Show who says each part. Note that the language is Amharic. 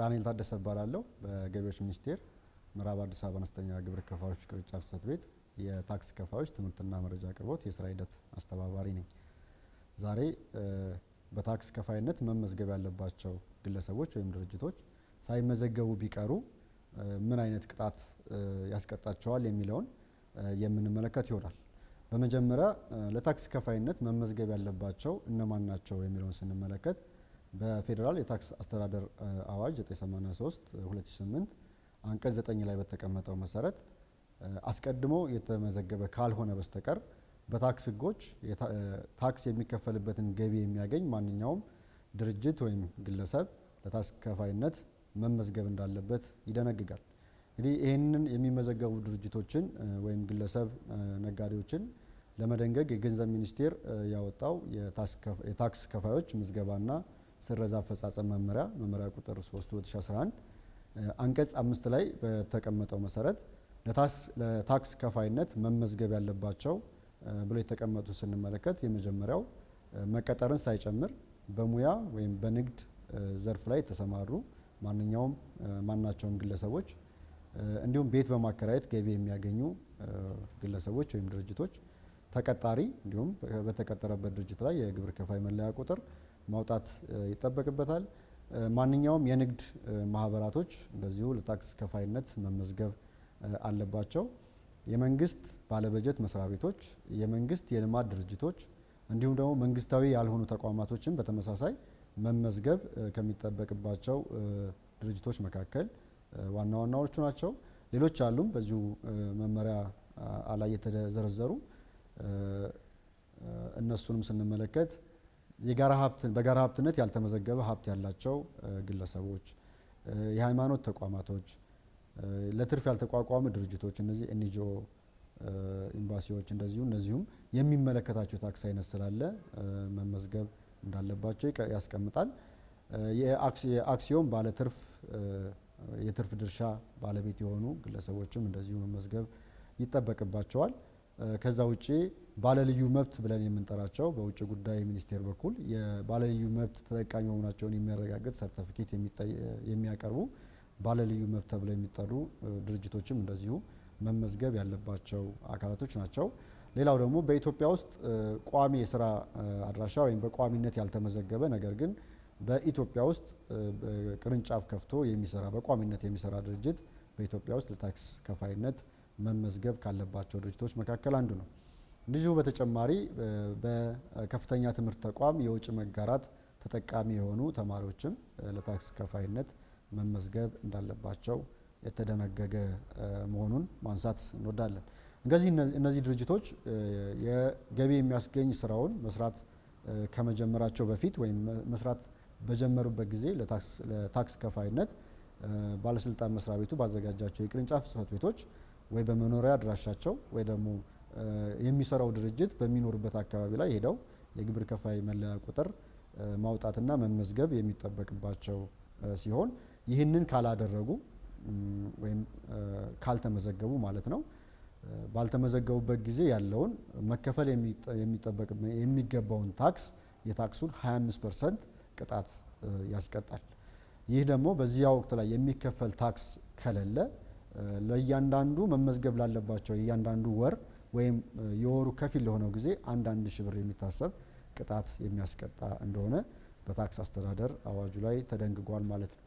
Speaker 1: ዳንኤል ታደሰ እባላለሁ። በገቢዎች ሚኒስቴር ምዕራብ አዲስ አበባ አነስተኛ ግብር ከፋዮች ቅርንጫፍ ጽሕፈት ቤት የታክስ ከፋዮች ትምህርትና መረጃ አቅርቦት የስራ ሂደት አስተባባሪ ነኝ። ዛሬ በታክስ ከፋይነት መመዝገብ ያለባቸው ግለሰቦች ወይም ድርጅቶች ሳይመዘገቡ ቢቀሩ ምን አይነት ቅጣት ያስቀጣቸዋል የሚለውን የምንመለከት ይሆናል። በመጀመሪያ ለታክስ ከፋይነት መመዝገብ ያለባቸው እነማን ናቸው የሚለውን ስንመለከት በፌዴራል የታክስ አስተዳደር አዋጅ 983 2008 አንቀጽ 9 ላይ በተቀመጠው መሰረት አስቀድሞ የተመዘገበ ካልሆነ በስተቀር በታክስ ህጎች ታክስ የሚከፈልበትን ገቢ የሚያገኝ ማንኛውም ድርጅት ወይም ግለሰብ ለታክስ ከፋይነት መመዝገብ እንዳለበት ይደነግጋል። እንግዲህ ይህንን የሚመዘገቡ ድርጅቶችን ወይም ግለሰብ ነጋዴዎችን ለመደንገግ የገንዘብ ሚኒስቴር ያወጣው የታክስ ከፋዮች ምዝገባና ስረዛ አፈጻጸም መመሪያ መመሪያ ቁጥር 3 2011 አንቀጽ አምስት ላይ በተቀመጠው መሰረት ለታክስ ከፋይነት መመዝገብ ያለባቸው ብሎ የተቀመጡ ስንመለከት የመጀመሪያው መቀጠርን ሳይጨምር በሙያ ወይም በንግድ ዘርፍ ላይ የተሰማሩ ማንኛውም ማናቸውም ግለሰቦች እንዲሁም ቤት በማከራየት ገቢ የሚያገኙ ግለሰቦች ወይም ድርጅቶች ተቀጣሪ እንዲሁም በተቀጠረበት ድርጅት ላይ የግብር ከፋይ መለያ ቁጥር ማውጣት ይጠበቅበታል። ማንኛውም የንግድ ማህበራቶች እንደዚሁ ለታክስ ከፋይነት መመዝገብ አለባቸው። የመንግስት ባለበጀት መስሪያ ቤቶች፣ የመንግስት የልማት ድርጅቶች እንዲሁም ደግሞ መንግስታዊ ያልሆኑ ተቋማቶችን በተመሳሳይ መመዝገብ ከሚጠበቅባቸው ድርጅቶች መካከል ዋና ዋናዎቹ ናቸው። ሌሎች አሉም በዚሁ መመሪያ ላይ የተዘረዘሩ እነሱንም ስንመለከት የጋራ ሀብትን በጋራ ሀብትነት ያልተመዘገበ ሀብት ያላቸው ግለሰቦች፣ የሃይማኖት ተቋማቶች፣ ለትርፍ ያልተቋቋሙ ድርጅቶች እነዚህ ኤንጂኦ ኤምባሲዎች እንደዚሁ እነዚሁም የሚመለከታቸው ታክስ አይነት ስላለ መመዝገብ እንዳለባቸው ያስቀምጣል። የአክሲዮን ባለ ትርፍ የትርፍ ድርሻ ባለቤት የሆኑ ግለሰቦችም እንደዚሁ መመዝገብ ይጠበቅባቸዋል። ከዛ ውጪ ባለልዩ መብት ብለን የምንጠራቸው በውጭ ጉዳይ ሚኒስቴር በኩል የባለልዩ መብት ተጠቃሚ መሆናቸውን የሚያረጋግጥ ሰርተፊኬት የሚያቀርቡ ባለልዩ መብት ተብለው የሚጠሩ ድርጅቶችም እንደዚሁ መመዝገብ ያለባቸው አካላቶች ናቸው። ሌላው ደግሞ በኢትዮጵያ ውስጥ ቋሚ የስራ አድራሻ ወይም በቋሚነት ያልተመዘገበ ነገር ግን በኢትዮጵያ ውስጥ ቅርንጫፍ ከፍቶ የሚሰራ በቋሚነት የሚሰራ ድርጅት በኢትዮጵያ ውስጥ ለታክስ ከፋይነት መመዝገብ ካለባቸው ድርጅቶች መካከል አንዱ ነው። እንዲሁ በተጨማሪ በከፍተኛ ትምህርት ተቋም የውጭ መጋራት ተጠቃሚ የሆኑ ተማሪዎችም ለታክስ ከፋይነት መመዝገብ እንዳለባቸው የተደነገገ መሆኑን ማንሳት እንወዳለን። እንግዲህ እነዚህ ድርጅቶች የገቢ የሚያስገኝ ስራውን መስራት ከመጀመራቸው በፊት ወይም መስራት በጀመሩበት ጊዜ ለታክስ ከፋይነት ባለስልጣን መስሪያ ቤቱ ባዘጋጃቸው የቅርንጫፍ ጽህፈት ቤቶች ወይ በመኖሪያ አድራሻቸው ወይ ደግሞ የሚሰራው ድርጅት በሚኖሩበት አካባቢ ላይ ሄደው የግብር ከፋይ መለያ ቁጥር ማውጣትና መመዝገብ የሚጠበቅባቸው ሲሆን ይህንን ካላደረጉ ወይም ካልተመዘገቡ ማለት ነው ባልተመዘገቡበት ጊዜ ያለውን መከፈል የሚጠበቅ የሚገባውን ታክስ የታክሱን 25 ፐርሰንት ቅጣት ያስቀጣል። ይህ ደግሞ በዚያ ወቅት ላይ የሚከፈል ታክስ ከሌለ ለእያንዳንዱ መመዝገብ ላለባቸው እያንዳንዱ ወር ወይም የወሩ ከፊል ለሆነው ጊዜ አንድ አንድ ብር የሚታሰብ ቅጣት የሚያስቀጣ እንደሆነ በታክስ አስተዳደር አዋጁ ላይ ተደንግጓል ማለት ነው።